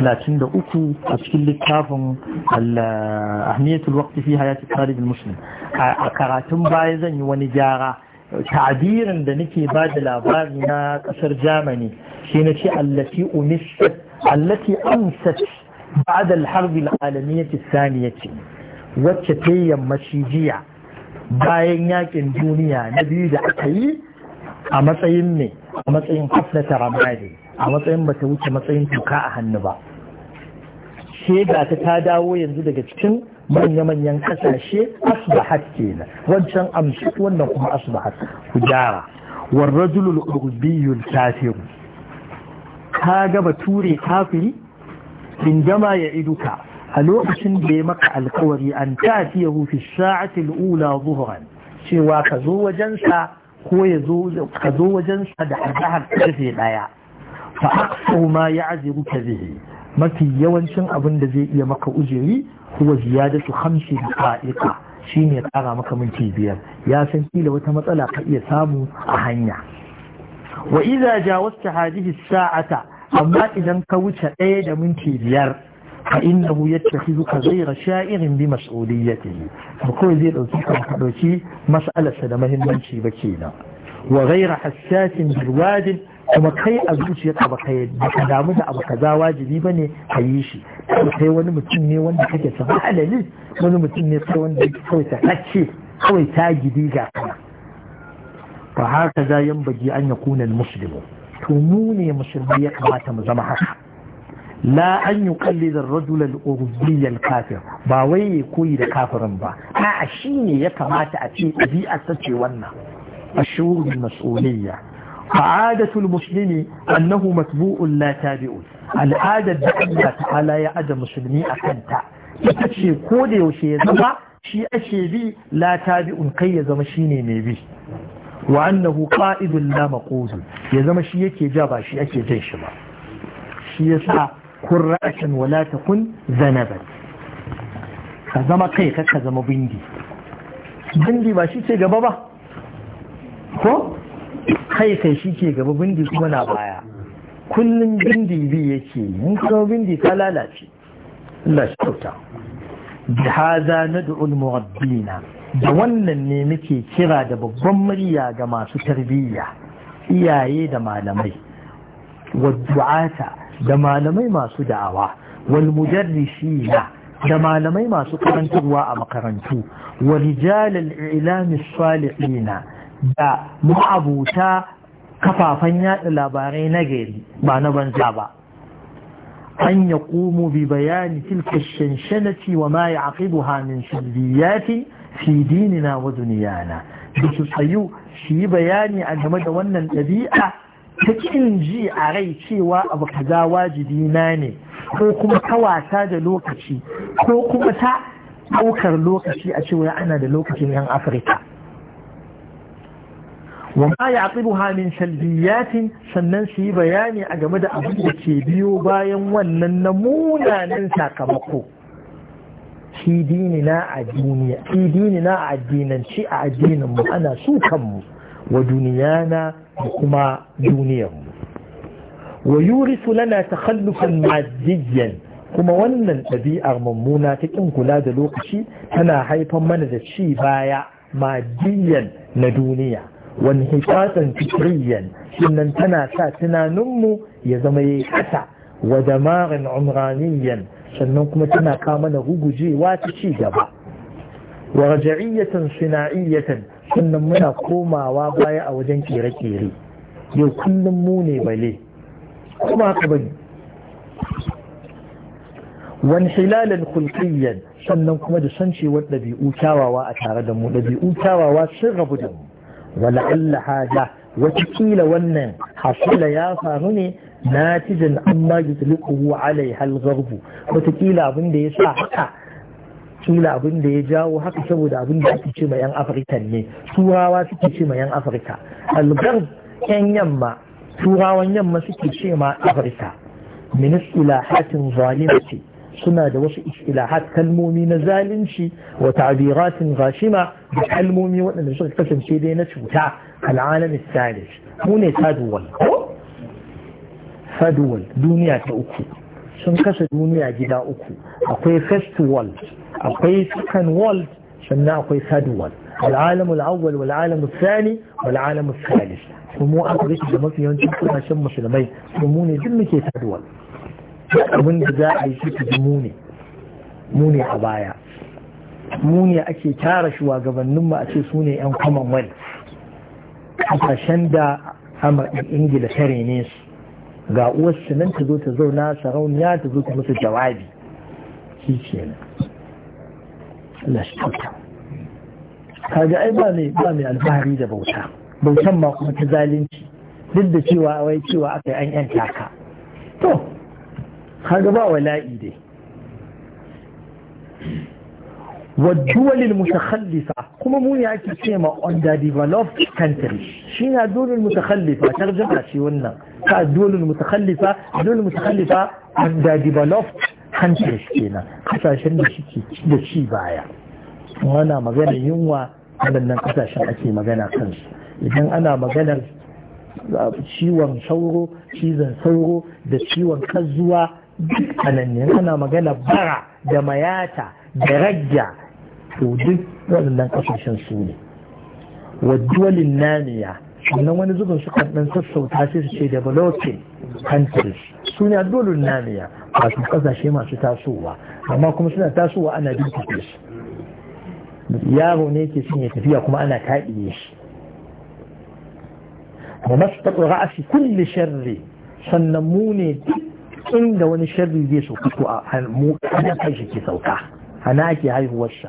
na 33 a cikin littafin ahmiyatul waqti fi hayati talib muslim a karatun baya zan yi wani gyara ta'birin da nake ba da labari na kasar germany shi na ce allati umissat allati amsat بعد wacce ta الثانية yammaci jiya bayan yakin duniya na biyu da aka yi a matsayin ne a matsayin hafnata ramadi a matsayin ba ta wuce matsayin tuka a hannu ba shega ta ta dawo yanzu daga cikin manya-manyan kasashe asbahat kenan wancan amshi wannan kuma asbahat ku gyara warrajulul urbiyul kafiru ka ga bature kafiri gama ya iduka a lokacin da ya maka alkawari an ta fi sa'ati al'ula zuhran cewa ka zo wajensa ko ka zo wajensa da azhar karfe ɗaya? fa aksaru ma ya'ziru ka bihi mafi yawancin abin da zai iya maka ujiri huwa ziyadatu khamsi daqiqa shine kara maka minti biyar ya san kila wata matsala ka iya samu a hanya wa idza jawazta hadhihi sa'ata amma idan ka wuce ɗaya da minti biyar fa innahu yattakhidhuka ghayra sha'irin bi mas'uliyatihi to kawai zai dauki ka dauki mas'alarsa da muhimmanci ba kenan wa ghayra hassasin bil kuma kai a zuciyarka ba ka damu da abu kaza wajibi ba ne ka yi shi kai wani mutum ne wanda kake sama halali wani mutum ne kai wanda yake kawai ta kace kawai ta gidi ga kana fa haka za yan baji an ya kunan muslimu to mu ne musulmi ya kamata mu zama haka la an yi kallida rajulan urbiyar kafir ba wai ya koyi da kafirin ba a shi ne ya kamata a ce ɗabi'ar ta ce wannan a na mas'uliyya فعادة المسلم أنه متبوء لا تابع العادة دعية تعالى يا أدى مسلمي أكنت تتشي كودي وشي زمع شي أشي بي لا تابع كي زمشيني ميبي وأنه قائد لا مقوز يزم شي يكي جابا شي أكي جيش ما شي يسعى كن رأسا ولا تكن ذنبا كزم كي كزم بندي بندي ما شي تجابا ko kai kai shi ke gaba bindi kuma na baya kullum bindi bi yake mun kuma bindi ta lalace Allah shi kyauta da haza na da'ul da wannan ne muke kira da babban murya ga masu tarbiyya iyaye da malamai waddu'ata da malamai masu da'awa wal da malamai masu karantarwa a makarantu wa rijalal ilami salihina da ma'abuta kafafen yada labarai na gari ba na banza ba an ya ƙumu bi bayani tilka shanshanaci wa ma ya aqibu hamin ya fi dinina wa duniyana da su tsayu shi yi bayani a game da wannan ɗabi'a ta kin ji a rai cewa abu kaza wajibi na ne ko kuma ta wasa da lokaci ko kuma ta ɗaukar lokaci a cewa ana da lokacin 'yan afirka وما يعقبها من سلبيات sannan su yi bayani a game da abin da ke biyo bayan wannan na sakamako shi dini na a duniya shi dini na a a addinin mu ana su kanmu wa duniyana da kuma duniyarmu. mu wa yurisu lana maddiyan kuma wannan ɗabi'ar mummuna ta kin kula da lokaci tana haifar mana da ci baya maddiyan na duniya wani hisasan fikiriyan sannan tana sa tunaninmu ya zama ya kasa wa damarin umraniyan sannan kuma tana kama na rugujewa ta ci gaba wa raja'iyatan sina'iyatan sannan muna komawa baya a wajen kere-kere yau kullum mu ne bale kuma haka bane wani hilalin kulkiyyan sannan kuma da sancewar ɗabi'u kyawawa a tare da mu ɗabi'u kyawawa sun rabu da mu ولعل هذا وتكيل ونن حصل يا فارني ناتجا عما يطلقه عليها الغرب وتكيل أبن دي ساحة kila abin da ya jawo haka saboda abin da ake ce ma 'yan afirka ne turawa suke ce ma 'yan afirka algarb 'yan yamma turawan yamma suke ce ma afirka min istilahatin zalimati سنة لوش اشتلاحات كلمومي نزال انشي وتعبيرات غاشمة بكلمومي وانا نشغل قسم سيدينة شو تع العالم الثالث هون تا دول دنيا تأكو شن قصة دنيا جدا أكو أقوي فست والد سكن والد شن أقوي فا العالم الأول والعالم الثاني والعالم الثالث ومو أقوي كده ما في يونتي كده شمس لما يسموني جمكي فا abin da za a yi shi ta ji muni, muni a baya Muni ake tara shugabanninmu a ce su ne 'yan commonwealth kasashen da amurkin ingila ta rene su ga uwarsu nan ta zo ta zauna sarauniya ta zo ta musu jawabi shi ke kaga ai ba mai ba mai alfahari da bauta bautan ma kuma ta zalunci duk da cewa wai cewa aka yi an yan taka to kaga ba wala'i dai waduwalil mutakhallifa kuma mu ya ake ce ma underdeveloped country shi na dolin ta tarjama shi wannan ka dolin mutakhallifa underdeveloped countries kenan kasashen da shi da shi baya wana magana yunwa waɗannan kasashen ake magana kansu idan ana maganar ah, ciwon sauro cizon sauro da ciwon kazuwa duk anannin ana magana bara da mayata da ragga. to duk waɗannan ƙasashen su ne wa duwalin naniya sannan wani zubin su kan ɗan sassauta sai su ce developing countries su ne dolin naniya wasu ƙasashe masu tasowa amma kuma suna tasowa ana bincike su yaro ne ke son tafiya kuma ana taɗiye shi wa masu taɓa ra'asi kulle sharri sannan mu ne duk inda wani sharri zai sauka to a mu na kai shi ke sauka ana ake haihuwar sa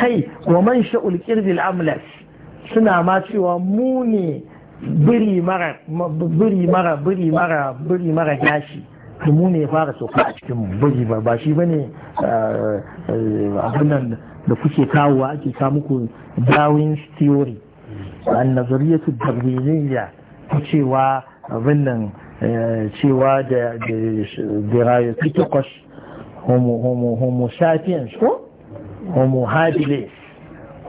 kai wa man sha'ul qirbil amlas suna ma cewa mu biri mara biri mara biri mara biri mara gashi mu ne ya fara sauka a cikin biri ba shi bane eh, eh, abin nan da kuke kawowa ake kawo muku Darwin's theory an nazariyatu darwiniyya ta cewa abin cewa da dirayopiticus homo sapiens ko homo habilis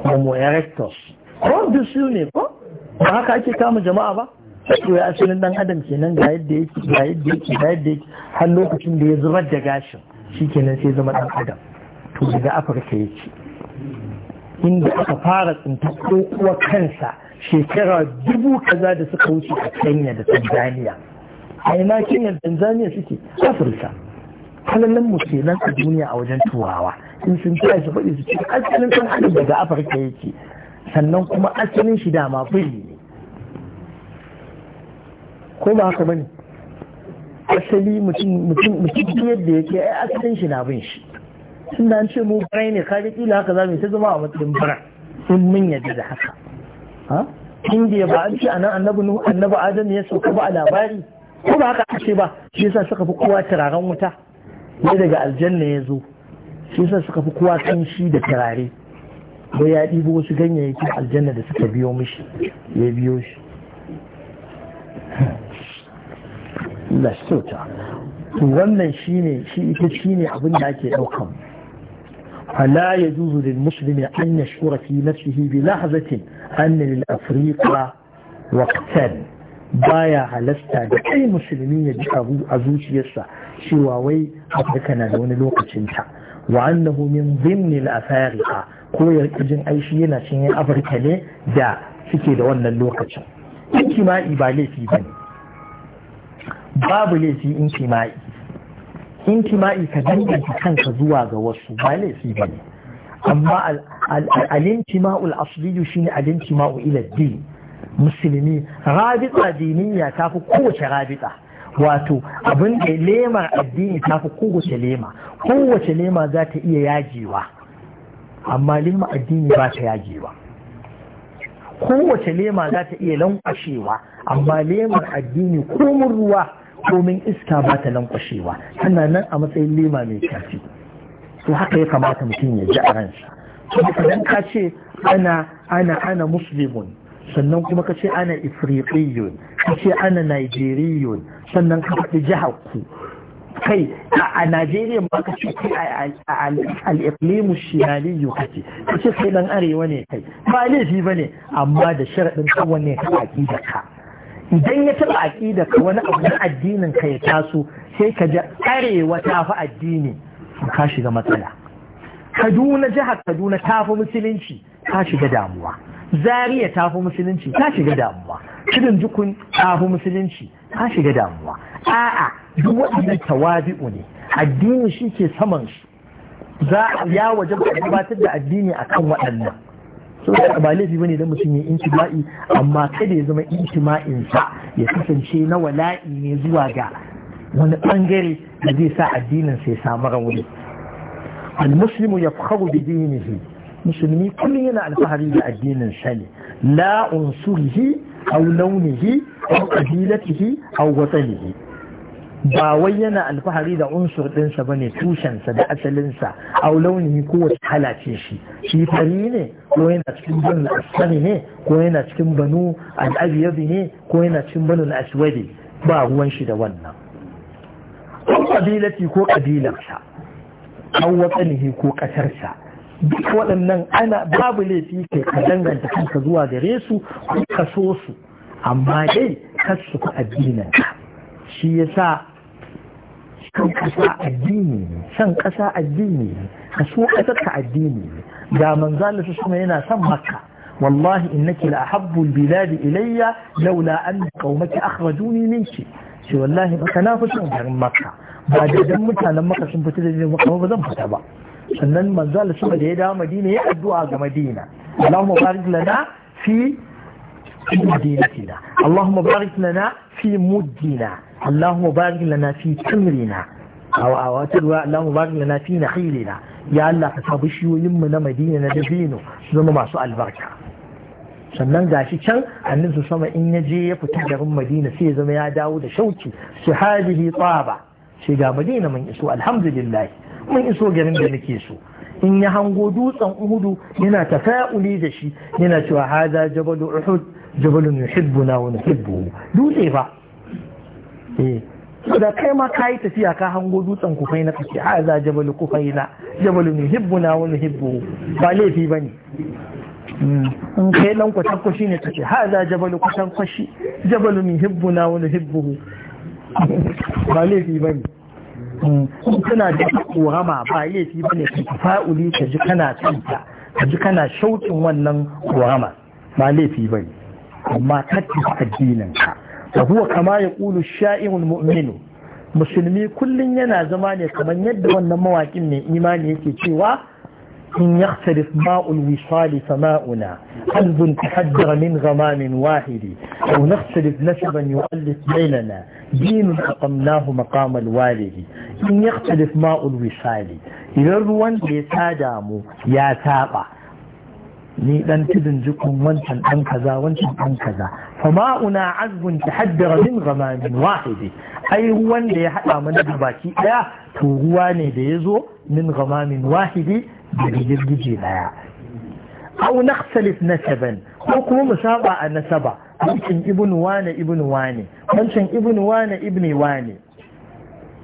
homo erectus ko su ne ko ba haka ake kama jama'a ba to ya asalin dan adam kenan ga yadda yake ga yadda yake ga yadda yake har lokacin da ya zubar da gashin shi shikenan sai zama dan adam to daga afirka ya ce. inda aka fara tsinta ko kuwa kansa shekara dubu kaza da suka wuce a kenya da tanzania a ina kenyar tanzania suke afirka halallan mu kenan a duniya a wajen turawa in sun tsaya su faɗi su ce asalin sun adam daga afirka yake sannan kuma asalin shi dama fili ne ko ba haka bane asali mutum mutum mutum yadda yake ai asalin shi na bin shi sun da an ce mu bai ne kaji kila haka za mu ta zama a matsayin bara sun mun yadda da haka ha indiya ba an ce anan annabi nuhu annabi adam ya sauka ba a labari ko ba haka ake ba shi yasa suka fi kowa turaren wuta ne daga aljanna ya zo shi yasa suka fi kowa kanshi da turare ko ya ɗibo wasu ganyayyakin aljanna da suka biyo mishi ya biyo shi Allah shi wannan shine shi ita shine abin da ake ɗaukan فلا يجوز للمسلم أن يشعر في نفسه بلحظة أن للأفريقيا وقتا baya halasta da kai musulmi ya ji abu a zuciyarsa cewa wai afirka na da wani lokacinta wa annahu min zimni al-afariqa ko ya jin aishi yana cin yan afirka ne da suke da wannan lokacin in kima'i ba laifi ba ne babu laifi in kima'i in kima'i ka danganta kanka zuwa ga wasu ba laifi ba ne amma al-intima'ul asliyu shine al-intima'u ila din musulmi rabita diniya ta fi kowace rabita wato abin da lemar addini ta fi kowace lema kowace lema za ta iya yajewa amma lema addini ba ta yajewa kowace lema za ta iya lankwashewa amma lemar addini komin ruwa komin iska ba ta lankwashewa tana nan a matsayin lema mai kyafi to haka ya kamata mutum ya ji a ransa to ka ce ana ana ana muslimun sannan kuma ka ce ana ifriqiyun ka ce ana nigeriyun sannan ka faɗi jihar ku kai a Najeriya ba ka ce kai a shimaliyu kake ka ce sai dan arewa ne kai ba laifi ba ne amma da sharaɗin kawai ne ka aƙida ka idan ya taɓa aƙida ka wani abu na addinin ka ya taso sai ka ji arewa ta fi addini ka shiga matsala Kaduna jihar Kaduna ta fi musulunci ka shiga damuwa zariya ta fi musulunci ta shiga damuwa kirin jukun ta fi musulunci ta shiga damuwa a'a duk waɗannan tawabi'u ne addini shi ke saman shi za ya waje ba gabatar da addini akan waɗannan so da ba laifi bane don mutum ya intima'i amma kada ya zama intima'in sa ya kasance na wala'i ne zuwa ga wani bangare da zai sa addinin sa ya samu rauni al-muslimu yafkharu bi dinihi musulmi kullum yana alfahari da addinin sani la unsurihi aw launihi aw qabilatihi aw watanihi ba wai yana alfahari da unsur ɗinsa ba ne tushensa da asalinsa a launihi ko wata halace shi shi fari ne ko yana cikin banu asani ne ko yana cikin banu al'abiyabi ne ko yana cikin banu aswadi ba ruwan shi da wannan ko kabilati ko kabilarsa an ko ƙasarsa duk waɗannan ana babu laifi kai ka danganta kanka zuwa gare su ka so su amma dai kasu su ku addinin shi sa san ƙasa addini ne san ƙasa addini ne ka so ƙasarka addini ne da manzala su sama yana son makka wallahi innaki la ahabbu biladi ilayya laula an qaumaki akhrajuni minki shi wallahi baka na fi son garin makka ba da dan mutanen makka sun fita da ni makka ba zan fita ba sannan manzo Allah sama da ya dawo Madina ya addu'a ga Madina Allahumma barik lana fi مدينتنا اللهم بارك لنا في مدنا اللهم بارك لنا في تمرنا أو أواتر اللهم بارك Ya في نخيلنا يا الله كتابشي na مدينة دبينو زم zama masu albarka. sannan gashi can annabi sama in ya je ya fita garin Madina sai ya zama ya dawo da shauki su hadihi tsaba sai ga Madina mun iso alhamdulillah mun iso garin da muke so in ya hango dutsen uhudu yana tafa'uli da shi yana cewa hada jabal uhud jabalun yuhibbuna wa nuhibbuhu dutse fa eh da kai ma kai tafiya ka hango dutsen na kace hada jabal kufaina jabalun yuhibbuna wa nuhibbuhu ba laifi bane hmm. in kai dan kwatakwashi ne kace hada jabal kwatakwashi jabalun yuhibbuna wa nuhibbuhu ba laifi bane Kuna da korama ba laifi bane ka fa'uli ka ji kana tsanta ka ji kana shauƙin wannan korama ba laifi bane amma katti addinin ka wa huwa kama ya qulu sha'irul mu'minu musulmi kullum yana zama ne kamar yadda wannan mawaƙin ne imani yake cewa إن يختلف ماء الوصال فماؤنا قلب تحجر من غمام واحد أو نختلف نسبا يؤلف بيننا دين أقمناه مقام الوالد إن يختلف ماء الوصال إذا الروان بيتادامو يا تابع ni dan tudun jikun wancan dan kaza wancan dan kaza fa ma'una azbun tahaddara min ghamamin wahidi ai ruwan da ya hada mana da baki daya to ruwa ne da yazo min ghamamin wahidi daga girgije daya au nakhtalif nasaban ko kuma mu saba a nasaba wancan ibn wane ibn wane wancan ibn wane ibn wane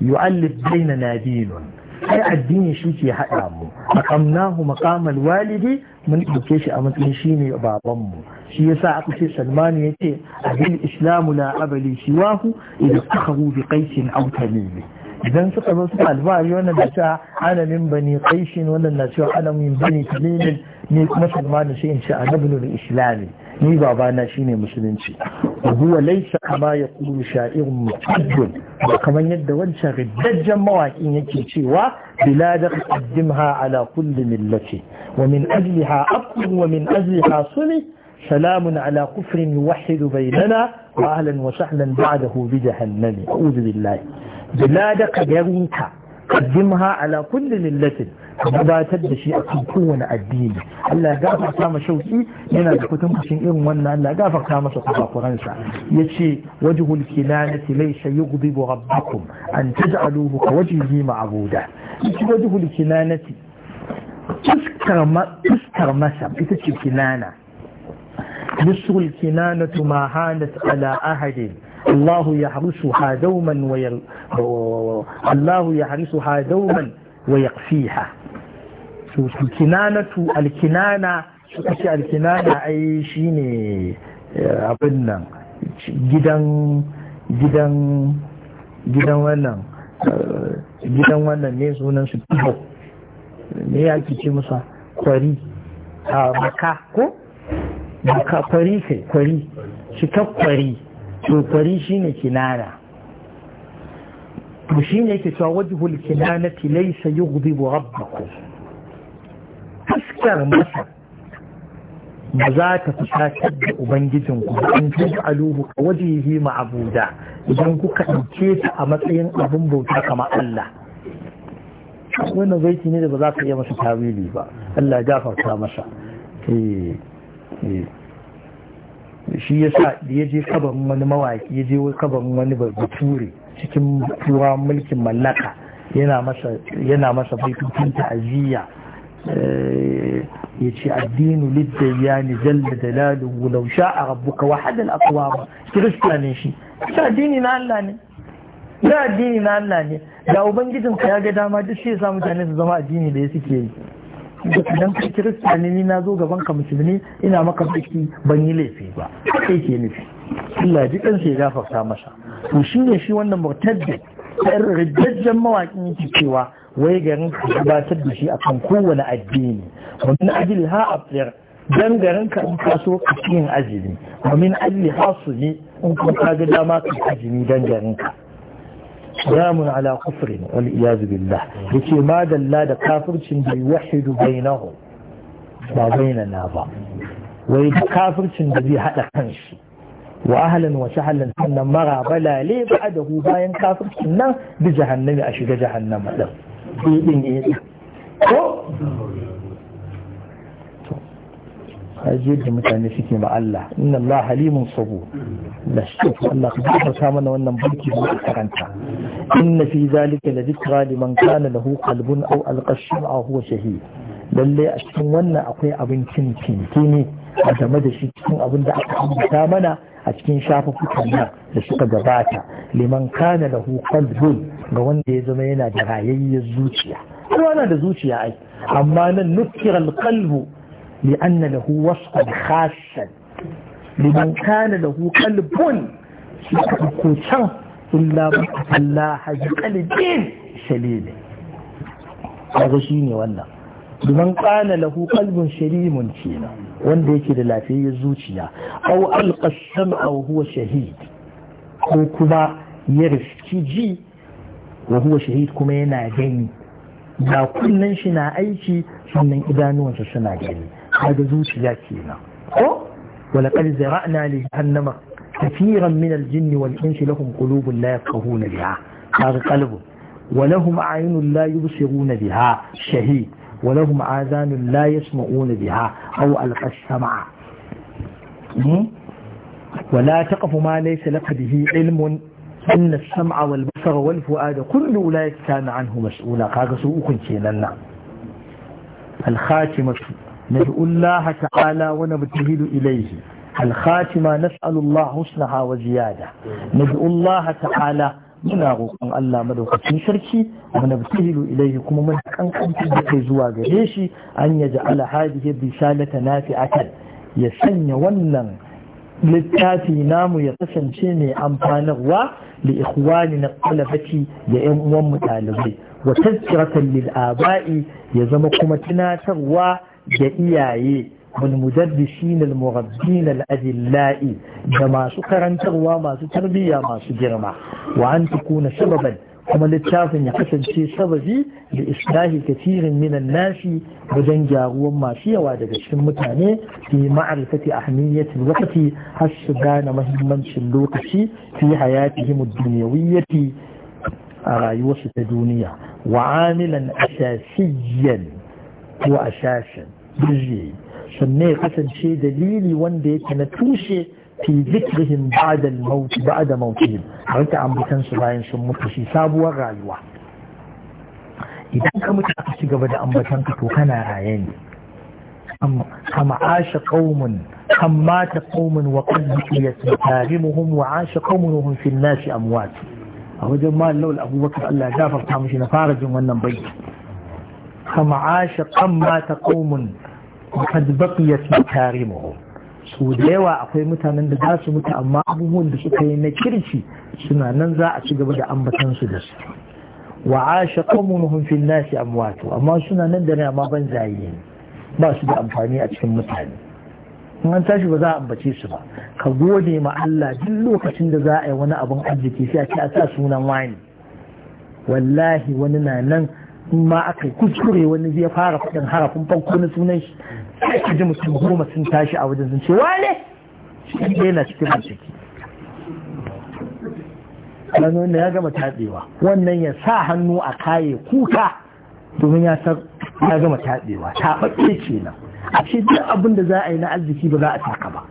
yu'allif baina nadinun ai addini shi ke haɗa mu aqamnahu maqamal walidi mun ɗauke shi a matsayin shine baban mu shi yasa aka ce salmanu yace abil islamu la abali siwahu idan akhahu bi qaisin aw tamimi idan suka zo suka alfahari wannan da cewa ana bani qaishin wannan na cewa ana bani talimin ne kuma salmanu sai in ce anabnu islami ni babana shine musulunci huwa laysa kama yaqulu sha'irin mutajjid da kamar yadda wancan riddajjen mawaƙin yake cewa biladar qaddimha ala kulli millati wa min ajliha aqd wa min ajliha sulh سلام على كفر يوحد بيننا وأهلا وسهلا بعده بجهنم أعوذ بالله biladaka garinka qaddimha ala kulli millatin gabatar da shi a kan kowane addini Allah ya gafarta ma shauki yana da kutun kushin irin wannan Allah ya gafarta masa kuransa yace wajhul kinanati laysa yughdibu rabbakum an taj'aluhu ka wajhihi ma'buda yace wajhul kinanati fuskar ma fuskar masa ita ce kinana nusrul kinanatu ma hanat ala ahadin الله يحرسها دوما ويل... الله يحرسها دوما ويقفيها الكنانة الكنانة suka alkinana ai ne eh, abin nan gidan gidan gidan wannan eh, gidan wannan ne sunan su ne ya ke ce musa kwari a ah, maka ko maka kwari kai kwari kwari to shi ne kinana to shine yake cewa wajhul kinanati laysa yughdibu rabbakum fuskar masa ba za ta fusatar da ubangijinku ba an ji aluhu a wajihi ma'abuda idan kuka ɗauke ta a matsayin abin bauta kamar Allah wannan baiti ne da ba za ka iya masa tawili ba Allah ya gafarta masa eh eh shi ya sa da ya je kaban wani mawaki ya je kaban wani bature cikin tuwa mulkin mallaka yana masa baitutun ta'aziyya eh, ya ce addinu ni jalla dalaluhu law sha'a rabbuka wahadan aqwama wa ne shi ta addini na Allah ne na addini na Allah ne da ubangijinka ya ga dama duk shi ya sa mutane su zama addini da ya suke yi idan ka kirista ne ni na zo gaban ka musulmi ina maka biki ban yi laifi ba sai ke nufi Allah ji kansa ya gafarta masa to shi ne shi wannan murtaddi ɗan riddajen mawaƙin yake cewa wai garin ka gabatar da shi akan kowane addini ومن ha أطير dan garin ka in kaso ka yin azumi wa min ajli ne, in kun ka ga dama ka azumi dan garin ka سلام على كفر والعياذ بالله يكي ما دلا دا كافر بيوحد بينهم ما بيننا با ويد كافر بذي حدا كنشي واهلا وسهلا كنا مرى بلا لي بعده باين كافر كنا بجهنم اشد جهنم دين ajiyar da mutane suke ma Allah inna Allah halimun sabu da shi Allah ka gafarta mana wannan banki da muka karanta inna fi zalika la dhikra liman kana lahu qalbun aw alqa a huwa shahid lalle a cikin wannan akwai abin cin ne a game da shi cikin abin da aka ambata mana a cikin shafafukan nan da suka gabata liman kana lahu qalbun ga wanda ya zama yana da rayayyar zuciya kowa na da zuciya ai amma nan nukkira alqalbu لأن له وصفا خاصا لمن كان له قلب سيكون إلا من الله بقلب سليم هذا شيء ولا لمن كان له قلب سليم فينا wanda yake da lafiyayyar zuciya au alƙasam au huwa shahid ko kuma ya riski ji wa huwa shahid kuma yana gani da kunnen shi na aiki sannan idanuwansa suna gani هذا زوجي كينا ولقد زرعنا لجهنم كثيرا من الجن والإنس لهم قلوب لا يفقهون بها هذا قلب ولهم أعين لا يبصرون بها شهيد ولهم آذان لا يسمعون بها أو ألقى السمع ولا تقف ما ليس لك به علم إن السمع والبصر والفؤاد كل أولئك كان عنه مسؤولا هذا سوء كنتين الخاتمة ندعو الله تعالى ونبتهل إليه الخاتمة نسأل الله حسنها وزيادة ندعو الله تعالى muna roƙon Allah madaukakin sarki wanda bisihilu ilaihi kuma mun kankantar da kai zuwa gare shi an ya ja'ala hadihi risalata nafi'atan ya sanya wannan littafi namu ya kasance mai amfanarwa la ikhwani na qalabati da ƴan uwan mu ɗalibai wa tazkiratan lil aba'i ya zama kuma tunatarwa da iyaye والمدرسين المغبين الأدلاء كما سكرن تغوى ما تربية ما سجرما وأن تكون سببا كما للتاف يقصد شيء سببي لإصلاح كثير من الناس وجنجاغوا ما فيه وعدد الشمتاني في معرفة أهمية الوقت هالسدان مهما شلوك في حياتهم الدنيوية أرايوس الدنيا وعاملا أساسيا ko a shashin birji sannan ya kasance dalili wanda yake na tushe fi zikrihim ba'da al-maut ba'da mautihim har ta ambatan su bayan sun mutu shi sabuwar rayuwa idan ka mutu aka ci gaba da ambatanka to kana raye ne kama asha qaumun kam mata qaumun wa qad baqiyat makarimuhum wa asha qaumun hum fi an-nas amwat a wajen ma lawal abubakar Allah ya gafarta mishi na fara jin wannan baiti فمعاش قم مات قوم وقد بقيت مكارمهم su da yawa akwai mutanen da za su mutu amma abubuwan da suka yi na kirki suna nan za a ci gaba da ambatansu da su wa asha qawmuhum nashi a amwatu amma suna nan da amma ban zayi ne ba su da amfani a cikin mutane in an tashi ba za a ambace su ba ka gode ma Allah duk lokacin da za a yi wani abin arziki sai a ce a sa sunan wani wallahi wani na nan in ma aka kuskure wani zai fara kudin harafin farko na sunan shi sai ka ji mutum goma sun tashi a wajen sun ce wane shi yana cikin mataki wani wanda ya gama taɗewa wannan ya sa hannu a kaye kuka domin ya san ya gama taɗewa taɓaɓɓe kenan a ce duk abin da za a yi na arziki ba za a taka ba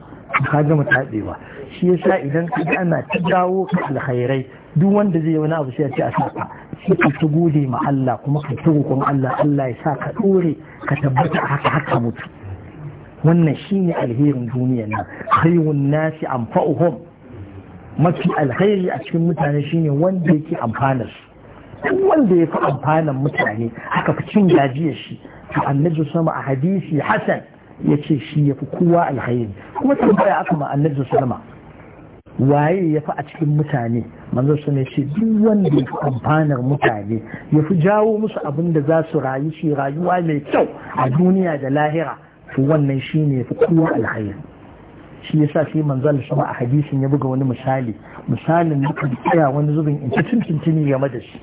ka gama taɓewa shi yasa idan ka ga ana ta dawo ka alkhairai duk wanda zai wani abu sai ya ce a saka sai ka gode ma Allah kuma ka ta roƙon Allah Allah ya sa ka ɗore ka tabbata haka haka mutu wannan shine alherin duniyar na khayrun nasi anfa'uhum mafi alkhairi a cikin mutane shine wanda yake amfanar su duk wanda ya fi amfanar mutane aka fi cin gajiyar shi to annabi sama a hadisi hasan ya ce shi ya fi kowa alhairi kuma tambaya aka ma annabi salama. waye ya fi a cikin mutane manzo su ne ce duk wanda ya fi amfanar mutane ya fi jawo musu abin da za su rayu shi rayuwa mai kyau a duniya da lahira to wannan shi ne ya fi kowa alhayin. shi yasa sai manzal sama a hadisin ya buga wani misali misalin da kan tsaya wani zubin in ci tuntuni game da shi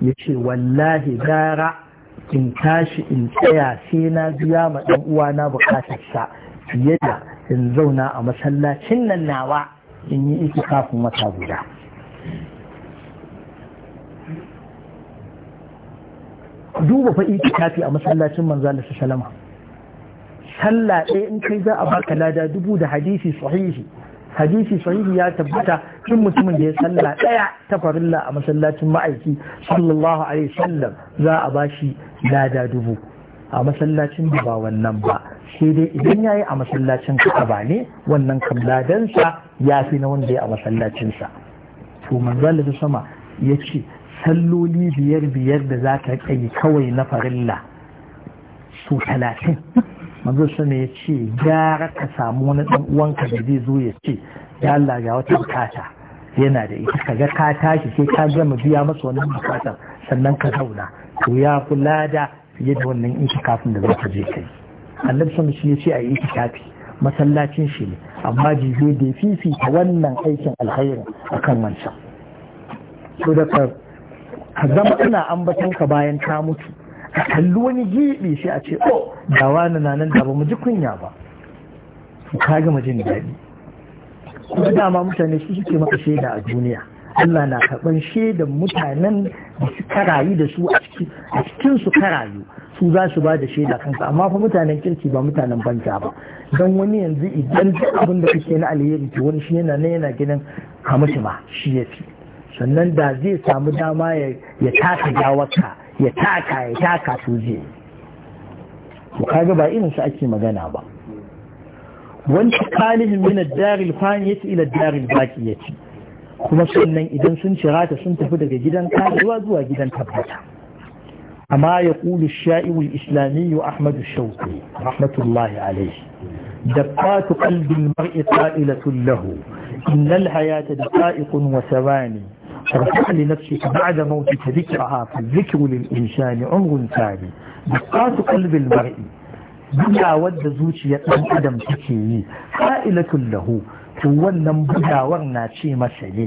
ya ce wallahi gara in tashi in tsaya sai na biya ma ɗan uwana bukatarsa fiye da in zauna a masallacin nan nawa in yi iki kafin wata guda duba fa iki kafi a masallacin manzala su salama sallah ɗaya in kai za a baka lada dubu da hadisi sahihi hadisi sahihi ya tabbata tun mutumin da ya salla ɗaya ta farilla a masallacin ma'aiki sallallahu alaihi sallam za a bashi lada dubu a masallacin da ba wannan ba sai dai idan ya yi a masallacin ba ne wannan kam ladansa ya fi na wanda ya a masallacinsa to manzala da sama ya ce salloli biyar biyar da za ka kai kawai na farilla su talatin manzo sama ya ce gara ka samu wani dan uwanka da zai zo ya ce ya Allah ga wata bukata yana da ita kaga ka tashi sai ka gama biya masa wannan bukatar sannan ka zauna to ya fi lada fiye da wannan itikafin da za ka je kai annabi sun shi ce a yi itikafi masallacin shi ne amma jibe da fifita wannan aikin alkhairin akan wancan so da ka zama ana ambaton ka bayan ta mutu a kalli wani gibi sai a ce oh da wani na nan da ba mu ji kunya ba ka gama jin daɗi kuma dama mutane su suke maka shaida a duniya Allah na karɓar shaidan mutanen da suka rayu da su a cikin su su za su ba da shaida kanka amma fa mutanen kirki ba mutanen banja ba don wani yanzu idan abin da kake na alheri ke wani shi yana nan yana ginin kamashi ma shi ya fi sannan da zai samu dama ya taka gawarka ya taka ya taka to zai to kaga ba irin su ake magana ba wani kalihin min ad-dar al ila ad baki al-baqiyati kuma sannan idan sun cira ta sun tafi daga gidan kariwa zuwa gidan tabbata amma ya ƙulu sha'iwul islamiyyu ahmadu shauki rahmatullahi alaihi da fatu kalbin mar'i ta'ilatun lahu innal hayata da ta'ikun wa sabani tarfaka na nafsi ka ba'da mawti ta zikira fa zikiru lil insani umrun tani da fatu kalbin mar'i duka wadda zuciya ɗan adam take yi ta'ilatun lahu to wannan bugawar na ce masa ne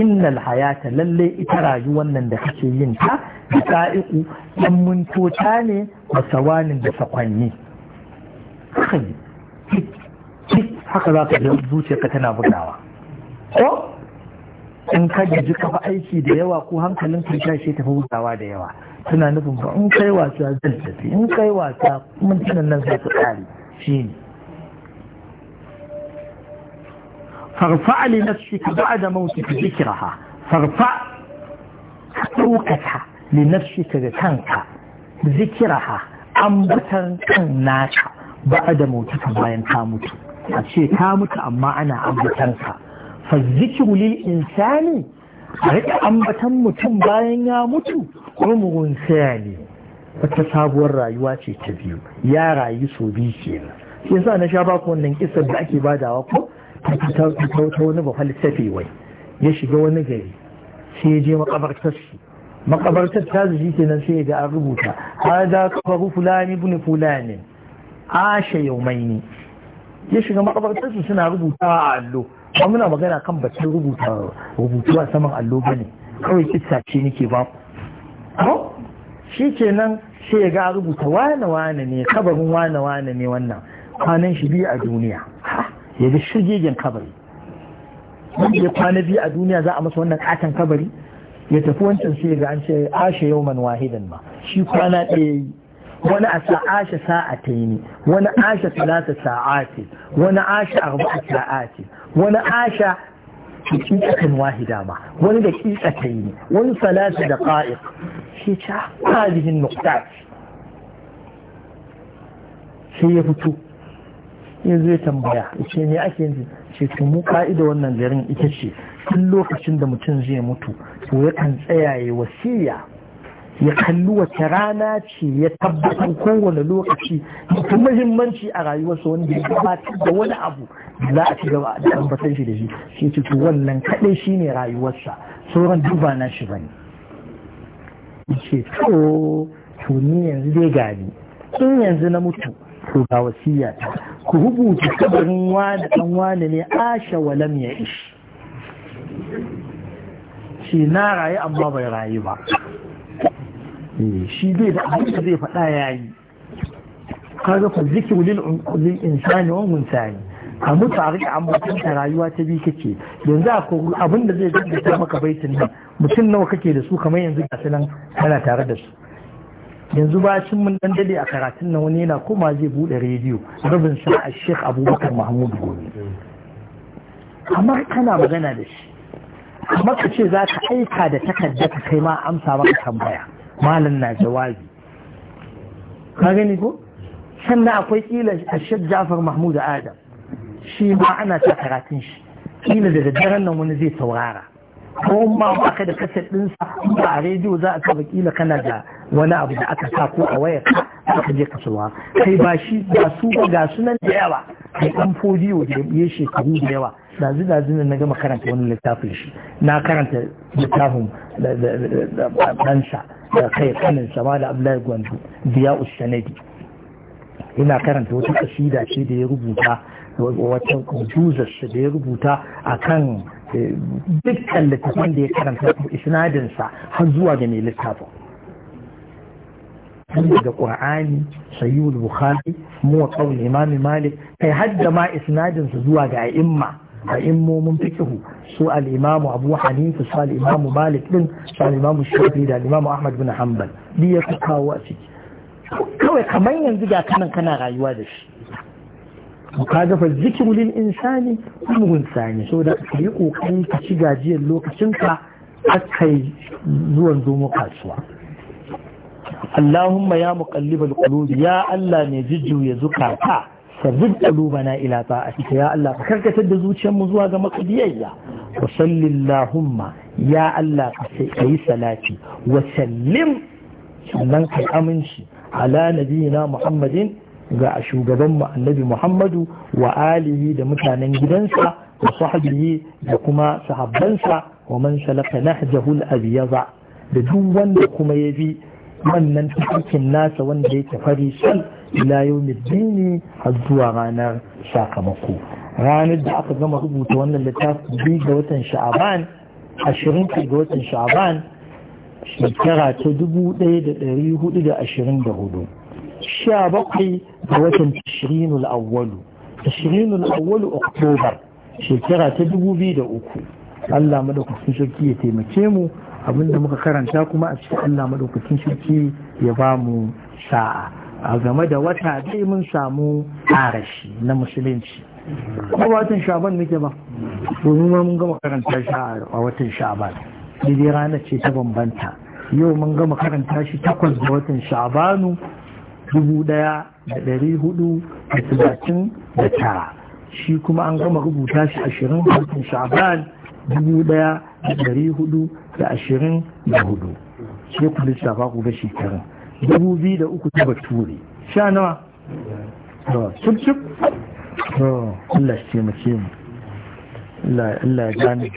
inna hayata lalle ita rayuwar nan da kake yin ta ta'iku dan muntota ne da sawanin da sakwanni haka za ka zuciyarka tana bugawa ko in ka gaji kafa aiki da yawa ko hankalin ka ta shi tafi bugawa da yawa suna nufin ba in kai wasa zan tafi in kai wasa mun tunan nan sai su kare shi ne فارفع لنفسك بعد موتك ذكرها فارفع ɗaukata linafsika da kanka zikiraha ambatan kan naka ba da mutuka bayan ta mutu a ce ta mutu amma ana ambatan ka fa zikiru lil insani a riƙa ambatan mutum bayan ya mutu umrun ne. wata sabuwar rayuwa ce ta biyu ya rayu sau biyu kenan yasa na sha baku wannan kisar da ake badawa ko ta wani ba falsafi wai ya shiga wani gari sai ya je makabartar shi makabartar ta zuci nan sai ya ga an rubuta da, kafaru fulani ibn fulani asha ne. ya shiga makabartar su suna rubutawa a allo ba muna magana kan batun rubuta rubutu a saman allo ba ne, kawai kitsa ce nake ba ku shi nan sai ya ga rubuta wane wane ne kabarin wane wane ne wannan kwanan shi biyu a duniya ya ga shirgegen kabari wanda ya kwana biyu a duniya za a masa wannan katon kabari ya tafi wancan sai ga an ce ashe yau man wahidan ma shi kwana ɗaya yi wani a sa ashe yi ne wani ashe talata ce. wani ashe sa'a ce. wani ashe kan wahida ma wani yi ne wani salata da ƙa'iq shi ce ah, hadihin nuktat sai ya fito ya zai tambaya ce ne ake yanzu ce ce mu ka'ida wannan garin ita ce tun lokacin da mutum zai mutu to yakan tsaya ya wasiya ya kalli wace rana ce ya tabbatar kowane lokaci da muhimmanci a rayuwarsa wanda ya gabatar da wani abu za a ci gaba da tabbatar shi da shi shi ce to wannan kaɗai shi ne rayuwarsa sauran duba na shi bane ce to to ni yanzu dai gani in yanzu na mutu to ga wasiya ta ku rubuta kabarin wani ɗan wani ne asha walam ya ishi shi na rayu amma bai rayu ba eh, shi zai da abin zai faɗa ya yi kaga fa zikiru lil insani wa munsani a mutu a rike ambaton ta rayuwa ta bi kake yanzu a abin da zai zai maka baitin nan mutum nawa kake da su kamar yanzu ga nan kana tare da su yanzu bacin mun dan dade a karatun nan wani yana koma zai bude rediyo rabin sa a Sheikh Abubakar Mahmud gobe amma kana magana da shi amma ka ce za ka aika da takarda ka kai ma amsa maka tambaya malam na jawabi ka gani ko sannan akwai kila a Sheikh Jafar Mahmud Adam shi ma ana ta karatun shi kila da daddaren nan wani zai saurara ko ma ba ka da kaset ɗinsa ba a rediyo za a kaba kila kana da wani abu da aka sa ko a wayar aka je kasuwa kai ba shi ba su ba ga sunan da yawa kai ɗan fodiyo da ya shekaru da yawa dazu dazu na gama karanta wani littafin shi na karanta littafin da bansa da kai kanin sama da abdullahi gwandu biya ushanadi ina karanta wata kasida ce da ya rubuta wata kujuzarsa da ya rubuta akan dukkan littattafan da ya karanta isnadinsa har zuwa ga mai littafin tun daga ƙur'ani sayyul bukhari muwaƙau imami malik kai hadda ma isnadinsa zuwa ga imma a immomin fikihu su Al-imamu abu hanifu su Al-imamu malik din su imamu shafi da imamu ahmad bin hanbal duk ya kawo a ciki kawai kamar yanzu ga kanan kana rayuwa da shi kaga fa zikru lil insani amrun sani so da kai kokarin ka ci gajiyar lokacin ka akai zuwan zomo kasuwa Allahumma ya muqallibal qulub ya Allah ne jujjuya zukata sabbin qulubana ila ta'atika ya Allah ka karkatar da zuciyar mu zuwa ga makadiyayya wa sallillahumma ya Allah ka sai kai salati wa sallim sannan kai aminci ala nabiyina Muhammadin ga shugaban mu annabi muhammadu wa alihi da mutanen gidansa da sahabihi da kuma sahabbansa wa man salaka al abiyaza da duk wanda kuma ya bi wannan tafarkin nasa wanda yake fari sal ila yawmiddini har zuwa ranar sakamako ranar da aka gama rubuta wannan littafi biyu ga watan sha'aban ashirin ga watan sha'aban shekara ta dubu ɗaya da ɗari hudu da hudu sha bakwai watan 20 al'awwalu 20 al'awwalu oktobar shekara ta dubu biyu da uku Allah maɗaukacin shirki ya taimake mu abinda muka karanta kuma a cikin Allah maɗaukacin shirki ya ba mu sa'a a game da wata dai mun samu ƙarashi na musulunci kuma watan shaban muke ba domin ma mun gama karanta shi a watan shaban dai ranar ce ta bambanta yau mun gama karanta shi takwas da watan shabanu dubu ɗaya da ɗari da da tara shi kuma an gama rubuta shi ashirin harkin watan sha'ban dubu ɗaya da ɗari da ashirin da hudu sai ku lissafa ku ga shekarun dubu biyu da uku ta bature sha nawa cip cip Allah shi mace mu Allah ya gane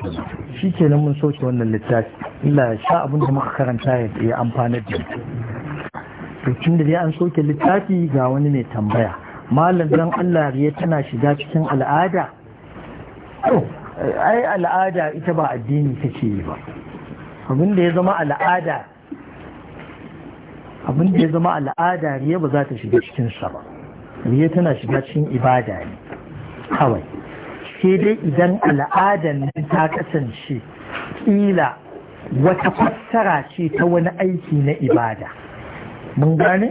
shi kenan mun sauke wannan littafi Allah ya sha abin da muka karanta ya amfana da tun da dai an soke littafi ga wani mai tambaya malam don Allah riya tana shiga cikin al'ada ai al'ada ita ba addini take yi ba abin da ya zama al'ada abin da ya zama al'ada riya ba za ta shiga cikin sa ba riya tana shiga cikin ibada ne kawai sai dai idan al'adan ta kasance kila wata fassara ce ta wani aiki na ibada mun gane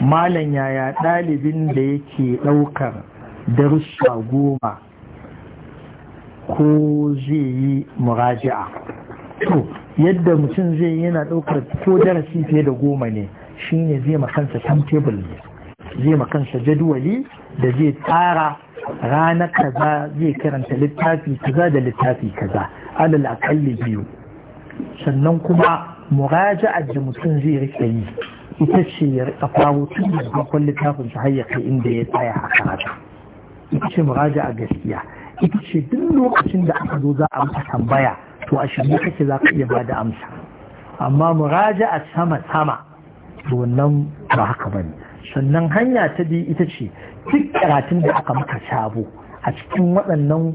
malam yaya ɗalibin da yake ɗaukar darussa goma ko zai yi muraji'a to yadda mutum zai yana ɗaukar ko darasi fiye da goma ne shine zai makansa timetable ne zai makansa jadwali da zai tsara ranar kaza zai karanta littafi kaza da littafi kaza alal akalli biyu sannan kuma muraja'ar da mutum zai rike yi ita ce ya rika kawo tun da farkon littafin su hayya kai inda ya tsaya a karatu ita ce muraja'a gaskiya ita ce duk lokacin da aka zo za a masa tambaya to a shirye kake za ka iya ba da amsa amma muraja'a sama sama to wannan ba haka bane sannan hanya ta biyu ita ce duk karatun da aka maka sabo a cikin waɗannan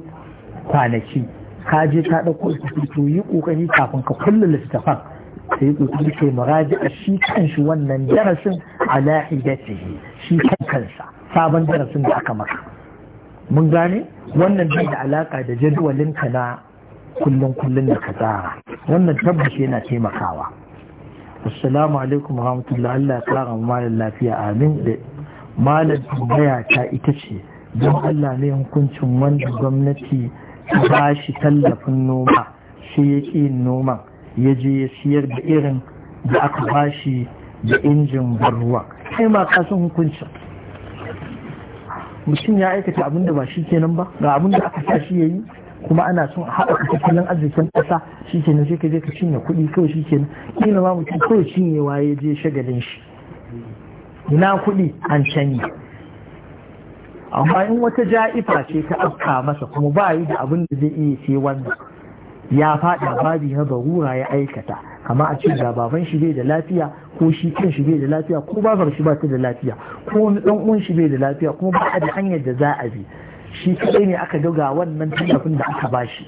kwanaki ka je ka ɗauko to yi ƙoƙari kafin ka kulle littafan sai kokari kai a shi kanshi wannan darasin a hidatihi shi kansa sabon darasin da aka maka mun gane wannan bai da alaka da jadwalinka na kullum-kullum da ka tsara wannan tabbas yana taimakawa assalamu alaikum rahmatullah Allah ya kara malam lafiya amin da malam tambaya ta ita ce don Allah ne hukuncin wanda gwamnati ta bashi tallafin noma shi yake noman ya je ya siyar da irin da aka bashi da injin barruwa kai ma kasan hukuncin mutum ya aikata abin da ba shi kenan ba ga abin da aka sa shi ya yi kuma ana son a haɗa tattalin arzikin ƙasa shi kenan sai ka je ka cinye kuɗi kawai shi kenan Ina ma mutum kawai cinyewa ya je shagalin shi ina kuɗi an canyi amma in wata ja'ifa ce ta afka masa kuma ba yi da abin da zai iya sai wannan ya faɗa babi ya barura ya aikata kama a ce baban shi bai da lafiya ko shi kan shi bai da lafiya ko babar shi ba ta da lafiya ko wani dan uwan shi bai da lafiya kuma ba da hanyar da za a bi shi kadai ne aka ga wannan tallafin da aka bashi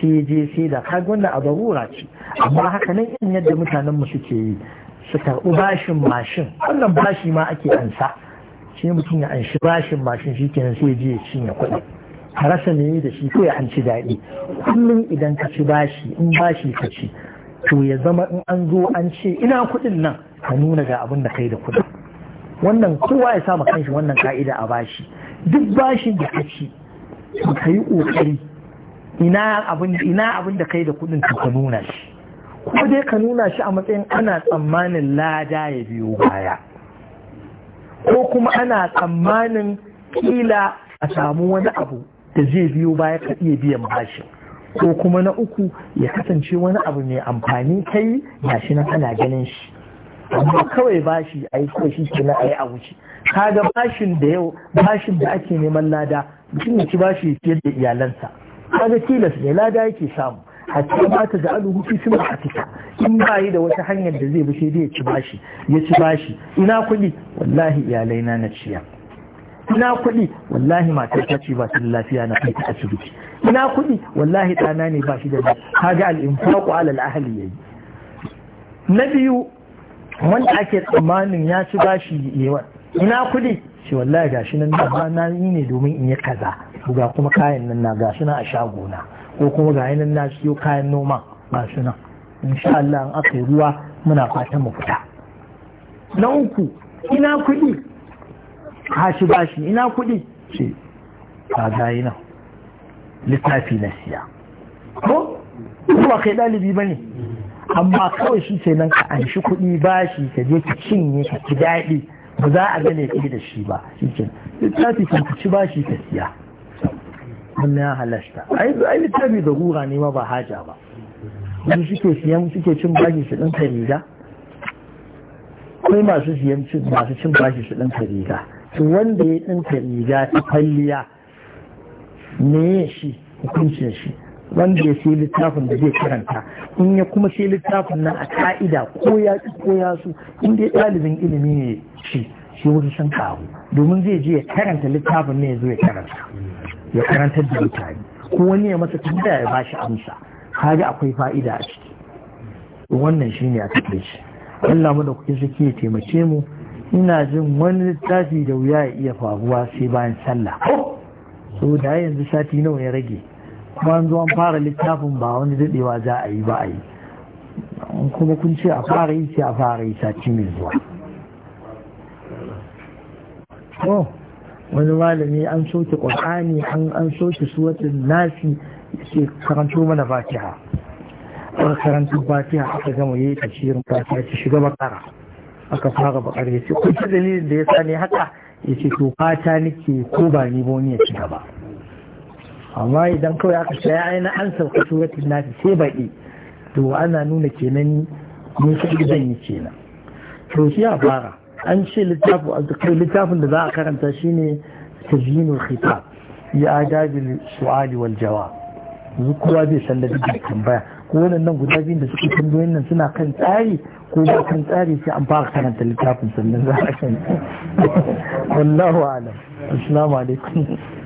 sai je sai da ka wannan a barura ce amma haka nan irin yadda mutanen mu suke yi su karɓi bashin mashin wannan bashi ma ake ansa shi mutum ya anshi bashin mashin shi kenan sai je ya cinye kuɗi ka rasa me da shi ko ya hanci daɗi kullum idan ka ci bashi in bashi ka ci to ya zama in an zo an ce ina kuɗin nan ka nuna ga abin da kai da kuɗin wannan kowa ya sa kanshi wannan ka'ida a bashi duk bashi da ka ci ka yi ƙoƙari ina abin da kai da kuɗin to ka nuna shi ko dai ka nuna shi a matsayin ana tsammanin lada ya biyo baya ko kuma ana tsammanin kila a samu wani abu da zai biyo baya ka iya biyan bashin ko kuma na uku ya kasance wani abu mai amfani kai ga shi nan ana ganin shi amma kawai bashi a yi kawai shi kenan a yi a wuce kaga bashin da yau bashin da ake neman lada mutum ya ci bashi ya ciyar da iyalansa kaga tilas ne lada yake samu cikin mata ta ja'alu hufi sun in ba yi da wata hanyar da zai bi sai dai ya ci bashi ya ci bashi ina kuɗi wallahi iyalai na na ciya ina kuɗi wallahi matar ta ce ba su lafiya na kai ta asibiti ina kuɗi wallahi ɗana ne ba shi da ni kaga al-infaqu ahali ahli yayi na biyu wanda ake tsammanin ya ci bashi yawa ina kuɗi shi wallahi gashi nan da na yi ne domin in yi kaza ga kuma kayan nan na gashi na a shagona ko kuma ga nan na siyo kayan noma gashi nan insha Allah an aka yi ruwa muna fatan mu fita na uku ina kuɗi kashi bashi ina kuɗi ce ka gayi nan littafi na siya ko ba kai ɗalibi ba ne amma kawai shi ce nan ka anshi kuɗi bashi ka je ka cinye ka ci daɗi ba za a gane ka da shi ba shi ce littafi kan ka ci bashi ka siya wannan ya halasta ai littafi da gura ne ma ba haja ba wani suke siyan suke cin bashi su ɗinka riga akwai masu siyan masu cin bashi su ɗinka riga wanda ya ɗinka riga ta kwalliya me shi hukuncin shi wanda ya sai littafin da zai karanta in ya kuma sai littafin nan a ka'ida ko ya ci ko ya su in dai ɗalibin ilimi ne shi shi wasu sun kawo domin zai je ya karanta littafin ne ya zo ya karanta ya karantar da mutane ko wani ya masa tambaya ya bashi amsa kaga akwai fa'ida a ciki wannan shine a cikin shi Allah mu da kuke suke taimake mu ina jin wani littafi da wuya ya iya faruwa sai bayan sallah oh! so da yanzu sati nawa ya rage kuma an zo an fara littafin ba wani daɗewa za a yi ba a yi kuma kun ce a fara yi sai a fara yi sati mai zuwa wani malami an soke ƙwarƙani an soke suwatin nasi ce karanto mana fatiha aka karanta fatiha aka gama ya yi fatiha ta shiga bakara aka fara bakar ya ce kun dalilin da ya sa ni haka ya ce to fata nake ko ba ni ba wani ya ci gaba amma idan kawai aka ce ya aina an sauka suratul nasi sai baɗi to ana nuna kenan mun sai zan yi kenan to shi ya fara an ce littafin da za a karanta shine tajinul khitab ya adabil su'ali wal jawab kowa zai san da dukkan tambaya ko wannan guda biyun da suke tambayoyin nan suna kan tsari ko ba kan tsari sai an fara karanta littafin sannan za a kan wallahu alam assalamu alaikum